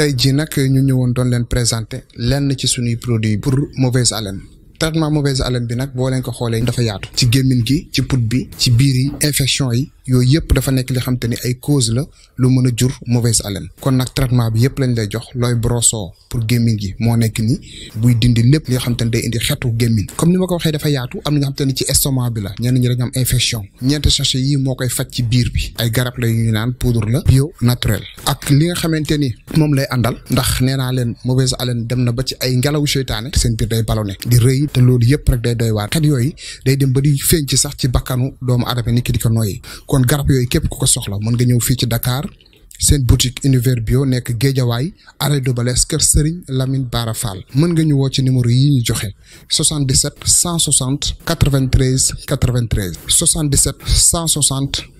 tey jii nag ñu ñëwoon doon leen présenté lenn ci suñuy produit pour mauvaise haleine traitement mauvaise haleine bi nag boo leen ko xoolee dafa yaatu ci gémmiñ gi ci put bi ci biir yi infection yi yooyu yëpp dafa nekk li xam te ni ay cause la lu mën a jur mauvaise haleine kon nag traitement bi yëpp lañ lay jox looy broso pour gémmiñ gi moo nekk ni buy dindi lépp li xam te ne day indi xetu gémmiñ comme ni ma ko waxee dafa yaatu am na nga xam te ni ci estomac bi ñenn ñi dañu am infection ñeenti sachet yii moo koy faj ci biir bi ay garab la yu ñu naan poudre la bio naturel ak li nga xamante ni moom lay àndal ndax nee naa leen mauvaise haleine dem na ba ci ay ngelaw seytaane seen biir day ballonné di rëy te loolu yëpp rek day doy waar kat yooyu day dem ba di feeñ ci sax ci bakkanu doomu aadama ni ki di ko nooyi kon garab yooyu képp ku ko soxla mën nga ñëw fii ci Dakar seen boutique univers bio nekk Géejawaay arrêt de Balès kër Serigne Lamine baara Fall mën nga ñëwoo ci numéro yi ñu joxe 77 160 93 93 77 160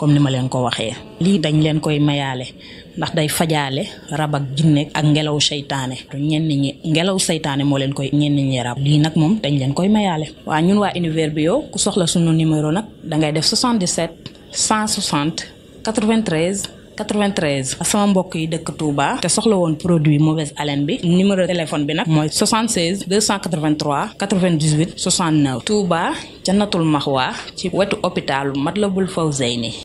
comme ni ma leen ko waxee lii dañ leen koy mayaale ndax day fajaale rab ak jinne ak ngelaw seytaane ñenn ñi ngelaw seytaane moo leen koy ñenn ñi rab lii nag moom dañ leen koy mayaale waa ñun waa univers bio ku soxla sunu numéro nag da ngay def 77 160 93 93 sama mbokk yi dëkk Touba te soxla woon produit mauvaise haleine bi numéro téléphone bi nag mooy 76 283 98 69 Touba ca natul maxwa ci wetu hôpitalu Matlabul Fawzeyni